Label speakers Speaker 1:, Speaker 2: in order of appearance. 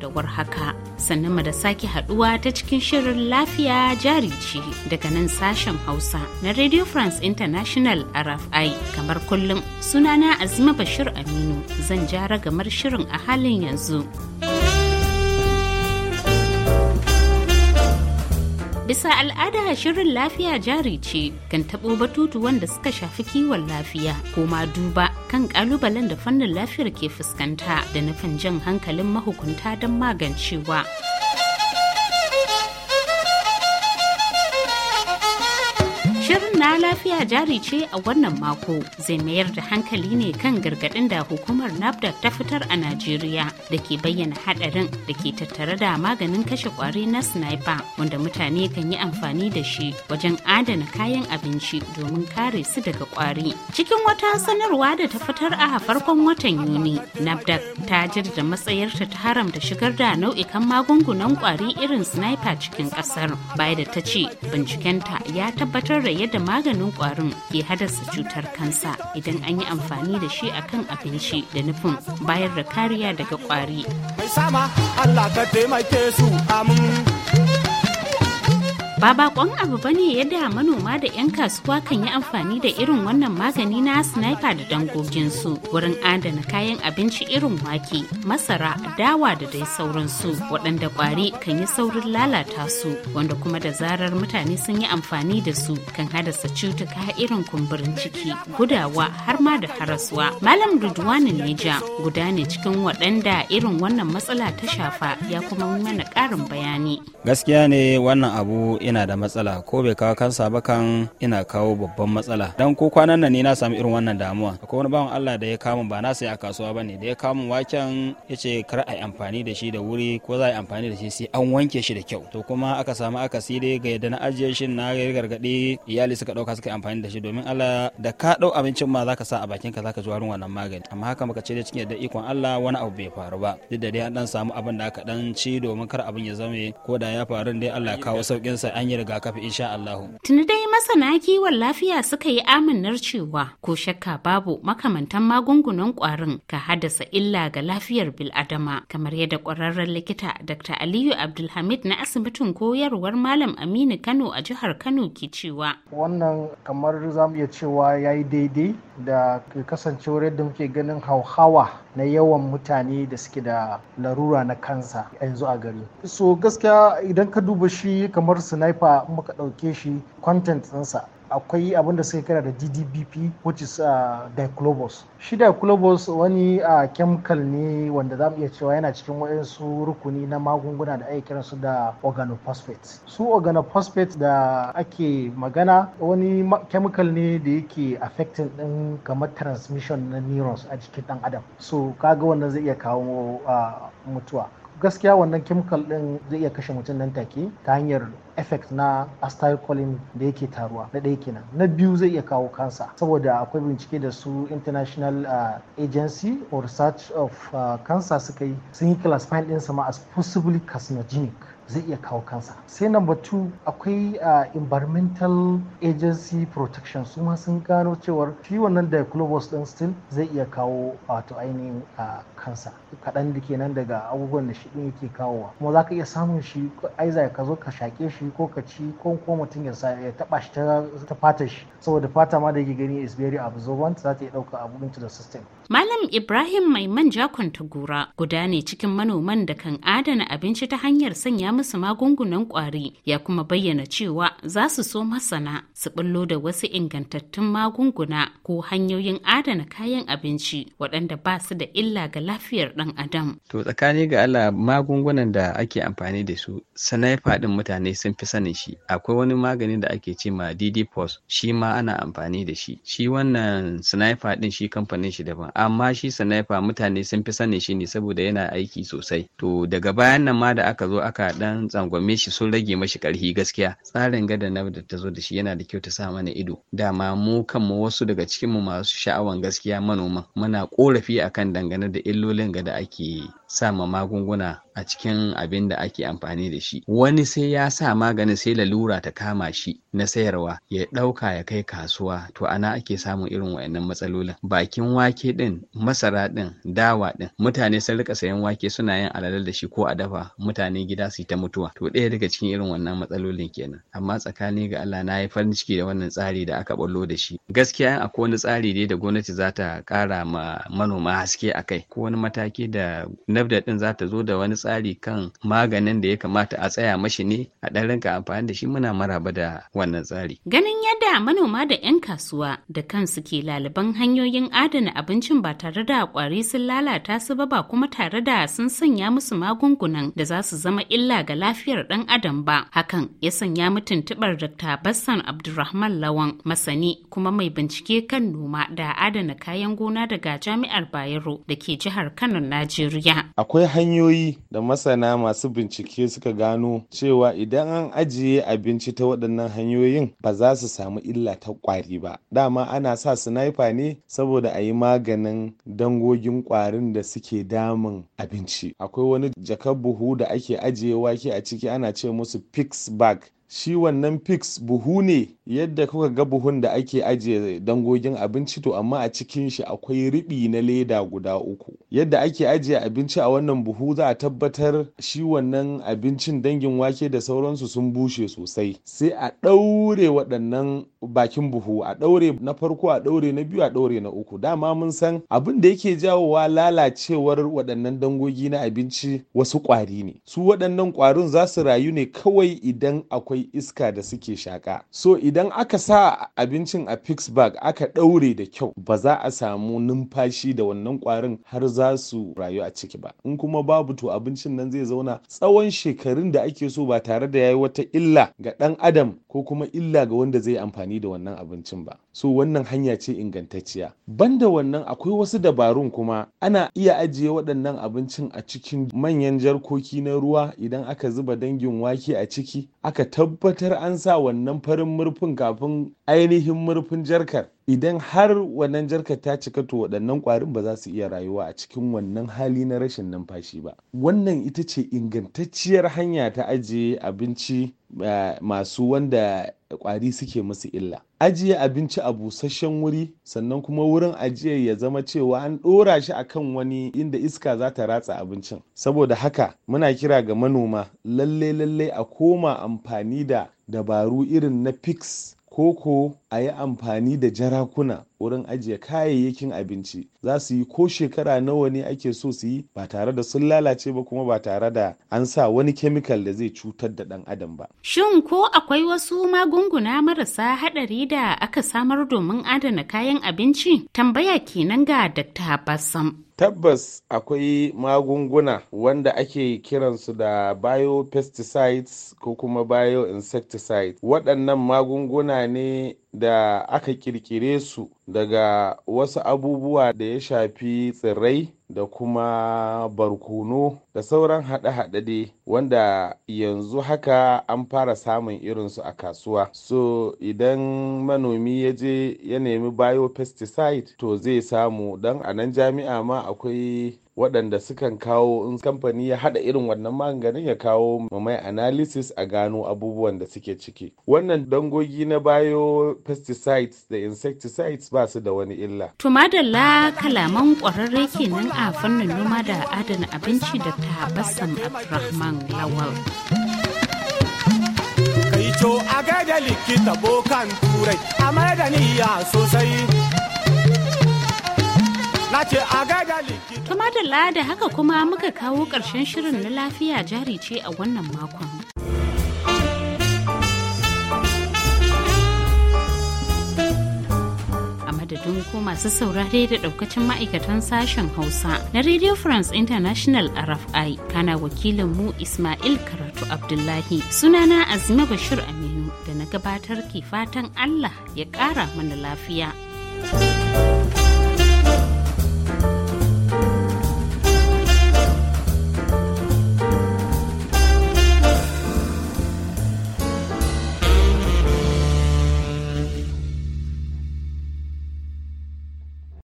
Speaker 1: da warhaka sannan mu da sake haduwa ta cikin shirin lafiya jari ce daga nan sashen hausa na radio france international rfi kamar kullum sunana azima bashir aminu zan jara gamar shirin a halin yanzu. Bisa al'ada shirin lafiya jari ce kan taɓo batutu wanda suka shafi kiwon lafiya ko ma duba kan ƙalubalen da fannin lafiyar ke fuskanta da nufin jan hankalin mahukunta don magancewa. na lafiya jari ce a wannan mako zai mayar da hankali ne kan gargaɗin da hukumar NAFDAC ta fitar a Najeriya da ke bayyana haɗarin da ke tattare da maganin kashe ƙwari na sniper wanda mutane kan yi amfani da shi wajen adana kayan abinci domin kare su daga ƙwari. Cikin wata sanarwa da ta fitar a farkon watan Yuni, NAFDAC ta jirda matsayarta ta haramta shigar da nau'ikan magungunan ƙwari irin sniper cikin ƙasar, baya da ta ce bincikenta ya tabbatar da yadda maganin kwarin ke haddasa cutar kansa idan an yi amfani da shi a kan abinci da nufin bayar da kariya daga kwari.
Speaker 2: Mai sama Allah
Speaker 1: Ba bakon abu bane yadda manoma da 'yan kasuwa kan yi amfani da irin wannan magani na sniper da dangoginsu wurin adana kayan abinci irin wake, masara, dawa da dai sauransu waɗanda ƙwari kan yi saurin lalata su wanda kuma da zarar mutane sun yi amfani da su kan hadasa cutuka irin kumburin ciki, gudawa har ma da haraswa. Malam Rudwanin Neja guda ne cikin waɗanda irin wannan matsala ta shafa ya kuma mana ƙarin bayani.
Speaker 3: Gaskiya ne wannan abu ina da matsala ko bai kawo kansa ba kan ina kawo babban matsala dan ko kwanan nan ne na samu irin wannan damuwa akwai wani bawan Allah da ya kamun ba na sai a kasuwa bane da ya kamun waken yace kar a yi amfani da shi da wuri ko za a yi amfani da shi sai an wanke shi da kyau to kuma aka samu aka dai ga yadda na ajiye shi na gargadi. iyali suka dauka suka amfani da shi domin Allah da ka dau abincin ma zaka sa a bakin ka zaka ji warin wannan magani amma haka muka ce da cikin yadda ikon Allah wani abu bai faru ba duk da dai an dan samu abin da aka dan ci domin kar abin ya zame ko da ya faru dai Allah ya kawo saukin sa an yi rigakafi insha Allah.
Speaker 1: Tuni dai masana kiwon lafiya suka yi aminar cewa ko shakka babu makamantan magungunan kwarin ka haddasa illa ga lafiyar bil'adama kamar yadda kwararren likita Dr. Aliyu Abdulhamid na asibitin koyarwar Malam Aminu Kano a jihar Kano ke cewa.
Speaker 4: Wannan kamar zamu iya cewa ya yi daidai da kasance wurin da muke ganin hauhawa na yawan mutane da suke da larura na kansa yanzu a gari so gaskiya idan ka duba shi kamar sniper muka ɗauke shi content ɗinsa akwai abin da suka kira da ddbp which is uh, diclobos shi diclobos wani uh, chemical ne wanda za mu iya cewa yana cikin wayansu rukuni na magunguna da ake kiransu da organophosphate su organophosphate da ake magana wani chemical ne da yake affecting din kamar transmission na neurons a jikin dan adam so kaga wannan zai iya kawo uh, mutuwa gaskiya wannan chemical din zai iya kashe mutum nan take ta hanyar effect na acetylcholine da yake taruwa na ɗaya kenan na biyu zai iya kawo kansa saboda akwai bincike da su international uh, agency for research of uh, cancer suka yi sun yi classifying din sama as possibly carcinogenic zai iya kawo kansa sai number two akwai uh, environmental agency protection su ma sun gano cewar shi wannan diaclobus din still zai iya kawo wato ainihin uh, kansa kaɗan da ke nan daga abubuwan da shi yake kawowa kuma za ka iya samun shi aiza ka zo ka shaƙe shi ko ka ci ko ko mutum ya sa ya taba shi ta fata shi saboda fata ma da yake gani is very absorbent za ta iya dauka into da system
Speaker 1: Malam Ibrahim mai manja kwantagura guda ne cikin manoman da kan adana abinci ta hanyar sanya musu magungunan kwari ya kuma bayyana cewa za su so masana su bullo da wasu ingantattun magunguna ko hanyoyin adana kayan abinci waɗanda ba su da illa ga lafiyar ɗan adam.
Speaker 3: To tsakani ga Allah magungunan da ake amfani da su sanaifa ɗin mutane sun fi sanin shi akwai wani magani da ake ce ma DD Post shi ma ana amfani da shi shi wannan sanaifa ɗin shi kamfanin shi daban amma shi sanaifa mutane sun fi sani shi ne saboda yana aiki sosai to daga bayan nan ma da aka zo aka dan tsangwame shi sun rage mashi karhi gaskiya tsarin gada na da ta zo da shi yana da kyau ta sa mana ido dama mu kanmu wasu daga cikin mu masu sha'awan gaskiya manoman muna korafi akan dangane da illolin gada ake sa ma magunguna a cikin abin da ake amfani da shi wani sai ya sa maganin sai lalura ta kama shi na sayarwa ya ɗauka ya kai kasuwa to ana ake samun irin wayannan matsalolin bakin wake ɗin masara ɗin dawa ɗin mutane sun rika sayan wake suna yin alalar da shi ko a dafa mutane gida su ta mutuwa to ɗaya daga cikin irin wannan matsalolin kenan amma tsakani ga Allah na yi farin ciki da wannan tsari da aka ballo da shi gaskiya in akwai wani tsari ne da gwamnati za ta kara ma manoma haske akai ko wani mataki da nafda din za ta zo da wani tsari kan maganin da ya kamata a tsaya mashi ne a ɗan rinka amfani da shi muna maraba da wannan tsari.
Speaker 1: Ganin yadda manoma da 'yan kasuwa da kansu ke laliban hanyoyin adana abincin ba tare da kwari sun lalata su ba ba kuma tare da sun sanya musu magungunan da za su zama illa ga lafiyar ɗan adam ba. Hakan ya sanya mutum tubar Dr. Bassan Abdulrahman Lawan masani kuma mai bincike kan noma da adana kayan gona daga Jami'ar Bayero da ke jihar Kano, Najeriya.
Speaker 2: Akwai hanyoyi da masana masu bincike suka gano cewa idan an ajiye abinci ta waɗannan hanyoyin ba za su samu illa ta ƙwari ba. Dama ana sa sinaifa ne saboda a yi maganin dangogin ƙwarin da suke damun abinci. Akwai wani jakar buhu da ake ajiye wake a ciki ana ce musu pigs bag shi wannan pix buhu ne yadda kuka ga buhun da ake ajiye dangogin abinci to amma a cikin shi akwai riɓi na leda guda uku yadda ake ajiye abinci a wannan buhu za a tabbatar shi wannan abincin dangin wake da sauransu sun bushe sosai sai a ɗaure waɗannan bakin buhu a ɗaure na farko a ɗaure na biyu a ɗaure na uku dama mun san abin da yake jawowa lalacewar waɗannan dangogi na abinci wasu ƙwari ne su waɗannan ƙwarin za su rayu ne kawai idan akwai iska da suke shaƙa so idan aka sa abincin a pittsburgh aka ɗaure da kyau ba za a samu numfashi da wannan ƙwarin har za su rayu a ciki ba in kuma babu to abincin nan zai zauna tsawon shekarun da ake so ba tare da yayi wata illa ga ɗan adam ko kuma illa ga wanda zai amfani amfani da wannan abincin ba so wannan hanya ce ingantacciya banda wannan akwai wasu dabarun kuma ana iya ajiye waɗannan abincin a cikin manyan jarkoki na ruwa idan aka zuba dangin wake a ciki aka tabbatar an sa wannan farin murfin kafin ainihin murfin jarkar idan har wannan jarkar ta cika to waɗannan ƙwarin ba za su iya rayuwa a cikin wannan hali na rashin numfashi ba wannan ita ce ingantacciyar hanya ta ajiye abinci eh, masu wanda kwari suke musu illa ajiye abinci a busasshen wuri sannan kuma wurin ajiye ya zama cewa an ɗora shi akan wani inda iska za ta ratsa abincin saboda haka muna kira ga manoma lalle lalle a koma amfani da dabaru irin na fix koko a yi amfani da jarakuna wurin ajiye kayayyakin abinci za su yi ko shekara nawa ne ake so su yi ba tare da sun lalace ba kuma ba tare da an sa wani kemikal da zai cutar da dan adam ba.
Speaker 1: Shin ko akwai wasu magunguna marasa haɗari da aka samar domin adana kayan abinci? Tambaya kenan ga dakta basam.
Speaker 2: tabbas akwai magunguna wanda ake kiransu da bio biopesticides ko kuma bioinsecticides waɗannan magunguna ne da aka kirkire su daga wasu abubuwa da ya shafi tsirrai da kuma barkono da sauran haɗe-haɗe dai wanda yanzu haka an fara samun irinsu a kasuwa so idan manomi ya je ya nemi biopesticide to zai samu don a nan jami'a ma akwai waɗanda sukan kawo in kamfani ya haɗa irin wannan maganin ya kawo mai analysis a gano abubuwan da suke ciki wannan dangogi na bio pesticides da insecticides ba su da wani illa
Speaker 1: to madalla kalaman ƙwararre kenan a fannin noma da adana abinci da ta basan abdurrahman lawal
Speaker 3: to a
Speaker 2: gaida likita bokan turai a sosai
Speaker 1: na ce a gaida likita To da lada haka kuma muka kawo ƙarshen shirin na lafiya jari ce a wannan makon. madadin ko masu saurare da daukacin ma'aikatan sashen hausa na radio france international rfi kana wakilin mu ismail karatu abdullahi sunana azima bashir aminu da na gabatar ke fatan allah ya kara mana lafiya